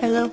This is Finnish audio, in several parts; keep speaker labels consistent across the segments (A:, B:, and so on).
A: Hello.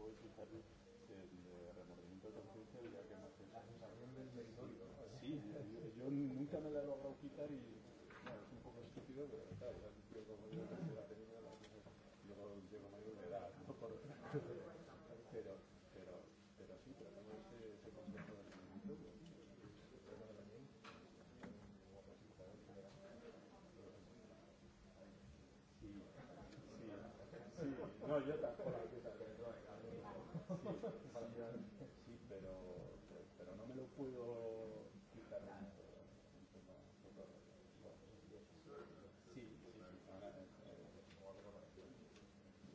A: puedo
B: explicarles el remordimiento de conciencia del que más
C: Sí, yo, yo nunca me la he logrado quitar y bueno, es un poco estúpido, pero claro, ya
B: como yo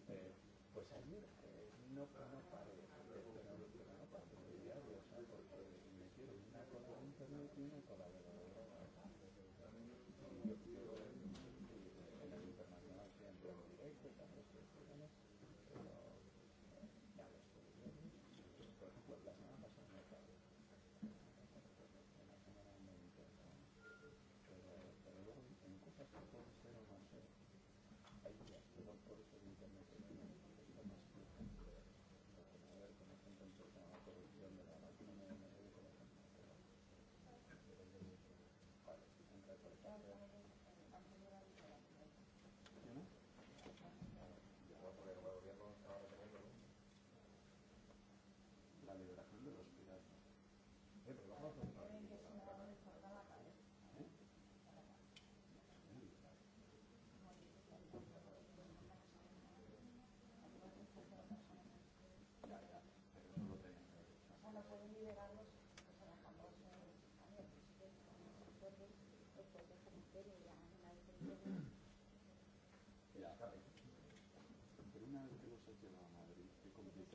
D: eh, pues ayer eh, no, no
B: paré, pero, pero no paré de diario, o sea, porque me quiero una con la internet y una con la de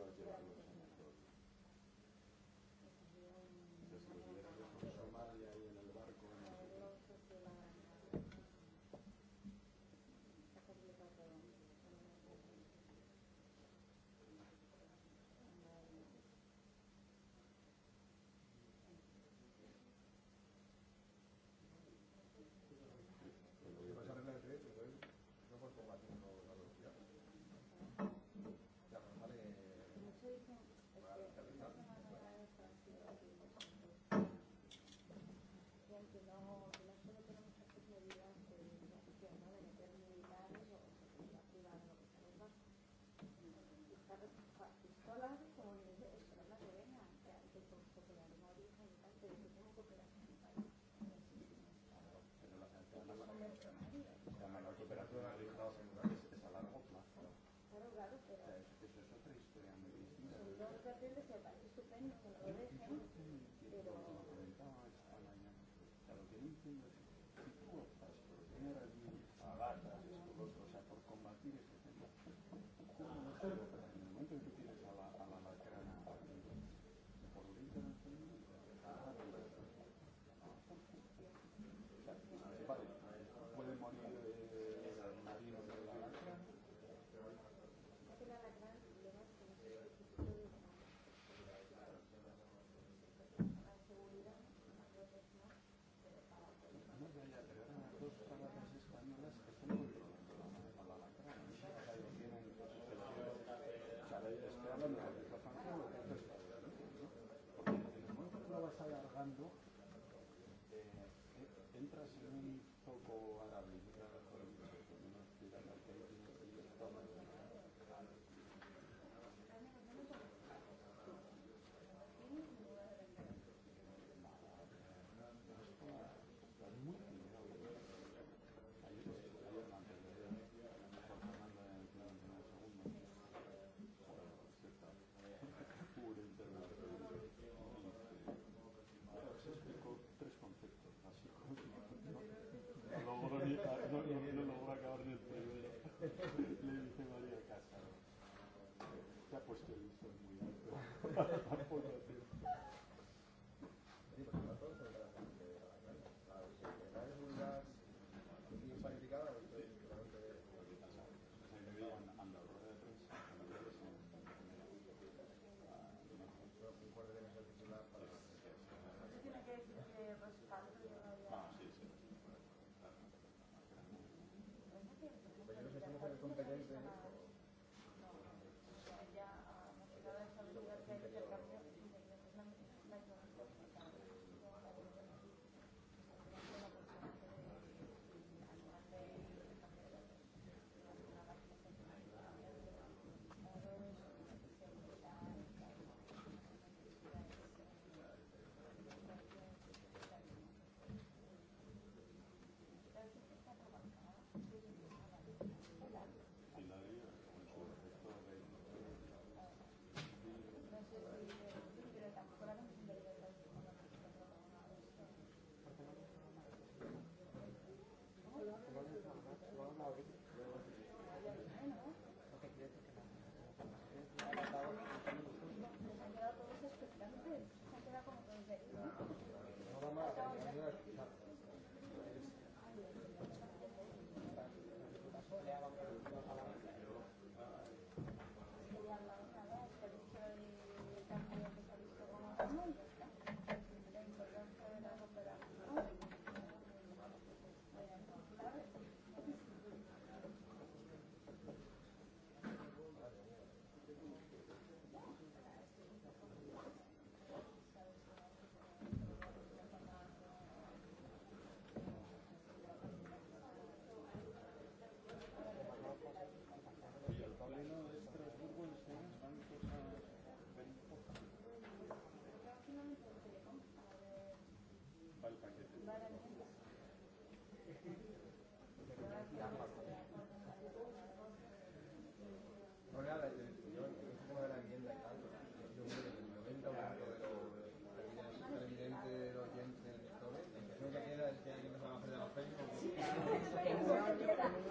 A: George Floyd.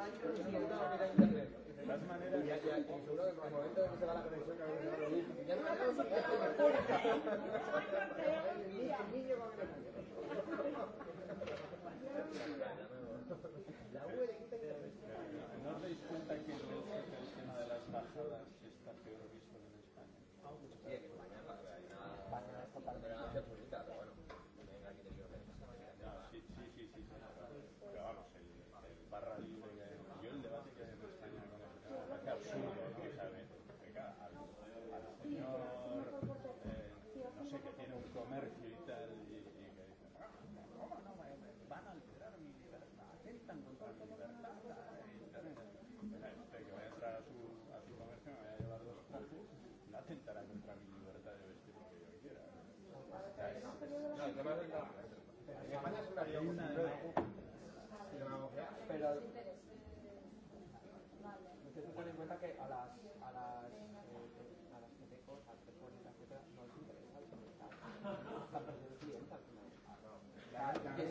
D: Ya, ya, y seguro que por el momento de que se va la conexión, que va a lo mismo. Ya no
B: me ha pasado. Mira, a mí llevo a ver.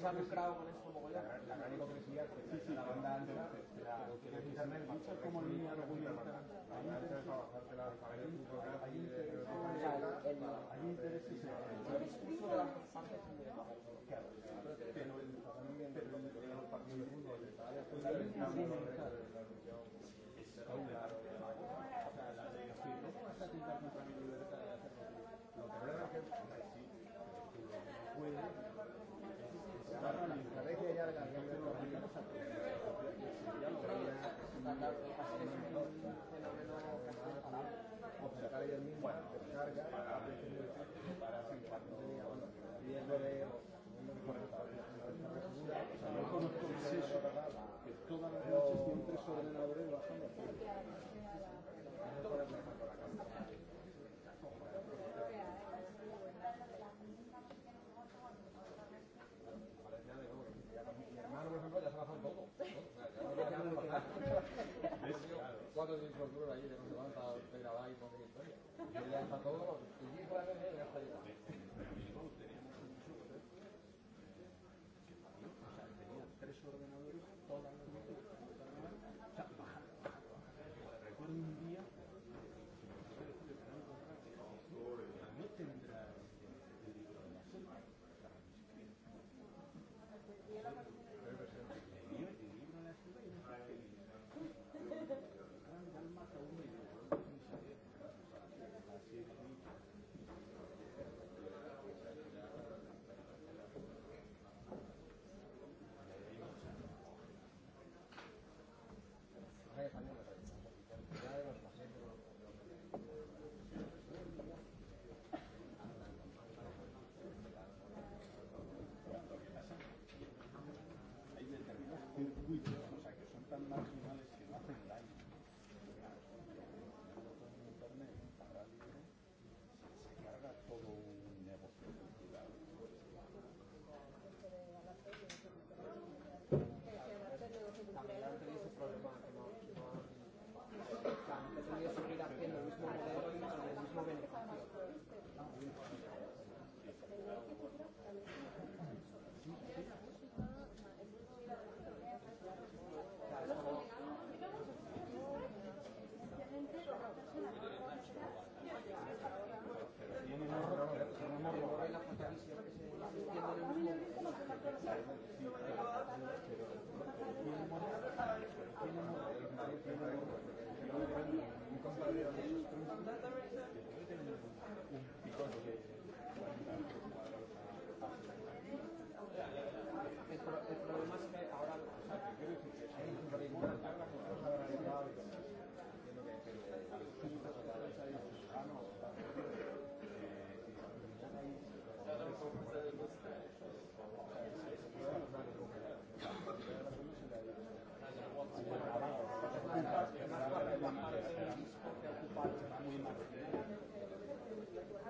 C: ha lucrado con esto mogollón. La gran hipocresía que sí, la banda ancha, mucho es como el niño orgullo. Hay intereses en el discurso de las partes pero el partido del mundo, el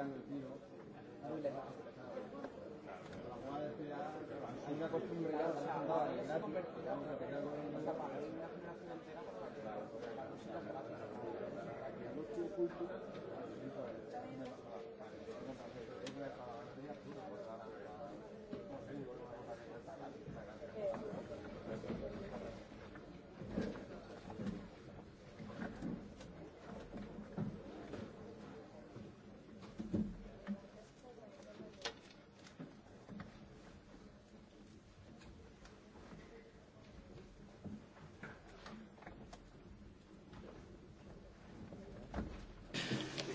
C: tan el tiro.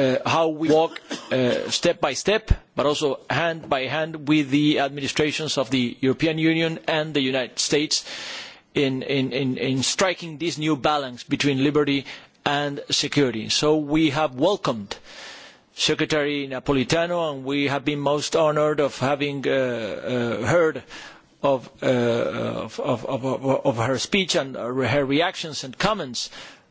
C: Uh, how we walk uh, step by step, but also hand by hand with the administrations of the European Union and the United States in, in, in, in striking this new balance between liberty and security. So we have welcomed Secretary Napolitano, and we have been most honoured of having uh, uh heard uh, of, of, of, of her speech and her reactions and comments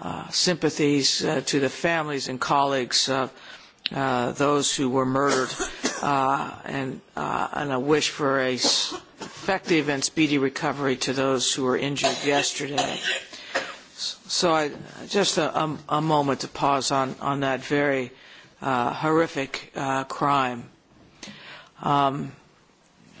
D: Uh, sympathies uh, to the families and colleagues of uh, those who were murdered uh, and, uh, and, a wish for a effective and speedy recovery to those who were injured yesterday. So I, just a, a, um, a, moment to pause on, on that very horrific crime. Um,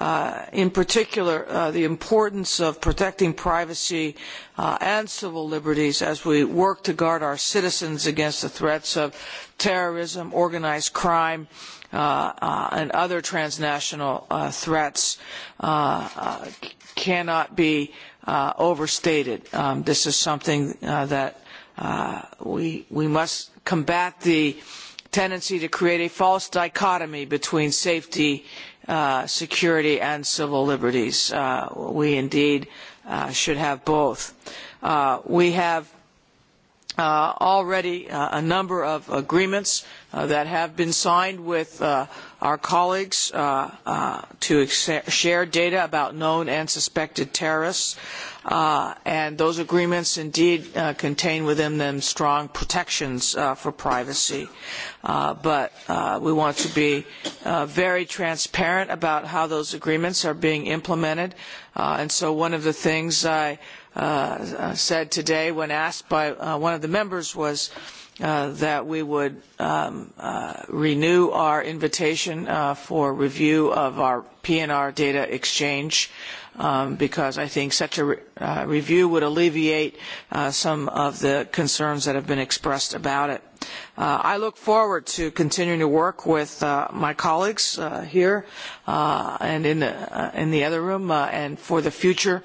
D: Uh, in particular uh, the importance of protecting privacy uh, and civil liberties as we work to guard our citizens against the threats of terrorism, organized crime, uh, uh, and other transnational threats cannot be overstated. Um, this is something that we, we must combat the tendency to create a false dichotomy between safety uh, Uh, security and civil liberties. Uh, we indeed uh, should have both. Uh, we have uh, already uh, a number of agreements uh, Uh, that have been signed with uh, our colleagues uh, uh, to share data about known and suspected terrorists. Uh, and those agreements indeed uh, contain within them strong protections uh, for privacy. Uh, but uh, we want to be uh, very transparent about how those agreements are being implemented. Uh, and so one of the things I Uh, said today when asked by uh, one of the members was uh, that we would um, uh, renew our invitation uh, for review of our PNR data exchange um, because I think such a re uh, review would alleviate uh, some of the concerns that have been expressed about it. Uh, I look forward to continuing to work with uh, my colleagues uh, here uh, and in the, uh, in the other room uh, and for the future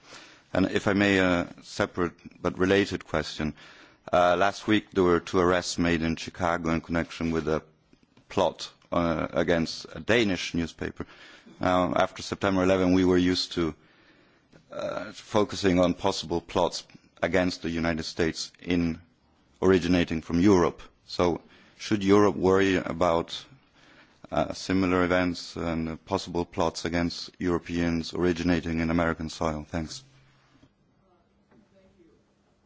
A: And if I may, a separate but related question. Uh, last week there were two arrests made in Chicago in connection with a plot uh, against a Danish newspaper. Now, after September 11, we were used to uh, focusing on possible plots against the United States in originating from Europe. So should Europe worry about similar events and possible plots against Europeans originating
D: in American soil? Thanks.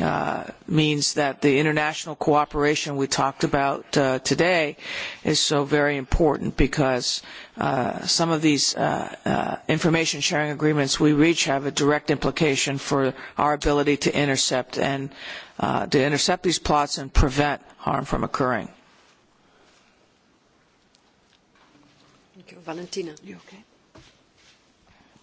D: Uh, means that the international cooperation we talked about uh, today is so very important because uh, some of these uh, uh, information sharing agreements we reach have a direct implication for our ability to intercept and uh, to intercept these plots and prevent harm from occurring.
B: Thank you. Valentina, you okay?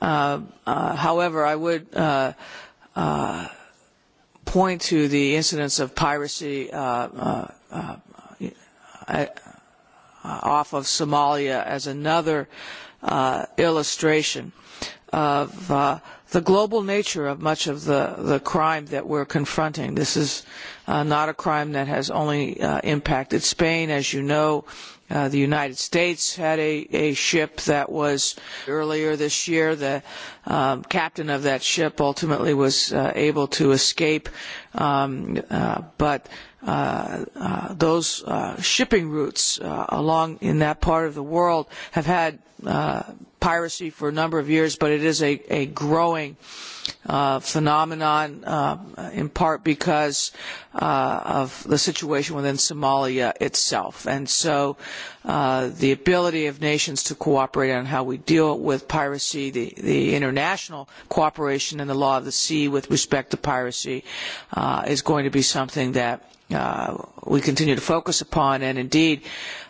D: Uh, uh, however, I would uh, point to the incidence of piracy off of Somalia as another illustration of the global nature of much of the, the crime that we're confronting. This is uh, not a crime that has only uh, impacted Spain. As you know, uh, the United States had a, a ship that was earlier this year. The um, captain of that ship ultimately was uh, able to escape, um, uh, but Uh, uh, those uh, shipping routes uh, along in that part of the world have had uh, piracy for a number of years, but it is a, a growing uh, phenomenon, uh, in part because uh, of the situation within Somalia itself. And so uh, the ability of nations to cooperate on how we deal with piracy, the, the international cooperation in the law of the sea with respect to piracy uh, is going to be something that uh, we continue to focus upon. And indeed, uh,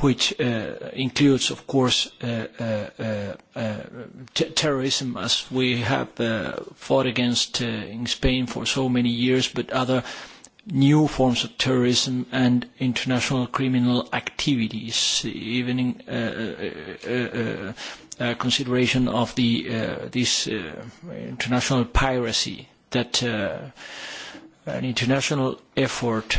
C: which uh, includes, of course, uh, uh, uh, uh terrorism, as we have uh, fought against in Spain for so many years, but other new forms of terrorism and international criminal activities, even in consideration of the this international piracy that an international effort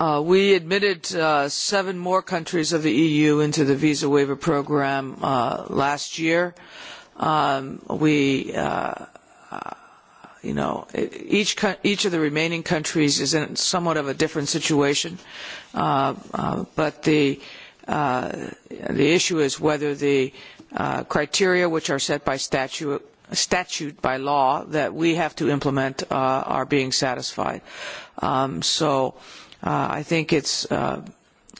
D: Uh, we admitted uh, seven more countries of the EU into the visa waiver program uh, last year. Um, we, uh, uh, you know, e, each, each of the remaining countries is in somewhat of a different situation, uh, but the, the issue is whether the criteria which are set by statute statute by law that we have to implement are being satisfied. Um, so Uh, I think it's uh,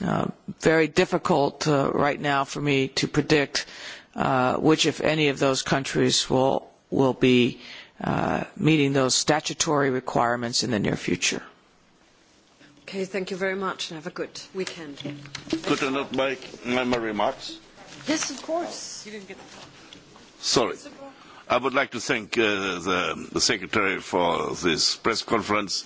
D: uh, very difficult right now for me to predict which, if any, of those countries will will be meeting those statutory requirements in the near future.
B: Okay, thank you very much, and have a good weekend.
A: Could I not make my, remarks?
B: Yes, of course.
D: You didn't get the
A: Sorry. I would like to thank uh, the, the Secretary for this press conference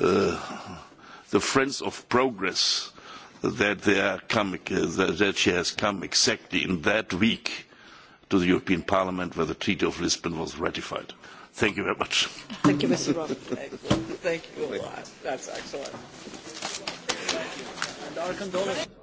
A: Uh, the friends of progress that, they are coming, uh, that she has come exactly in that week to the European Parliament where the Treaty of Lisbon was ratified. Thank you very much. Thank you, Mr. Roth. Thank you
D: That's excellent. Thank you. And our condolences.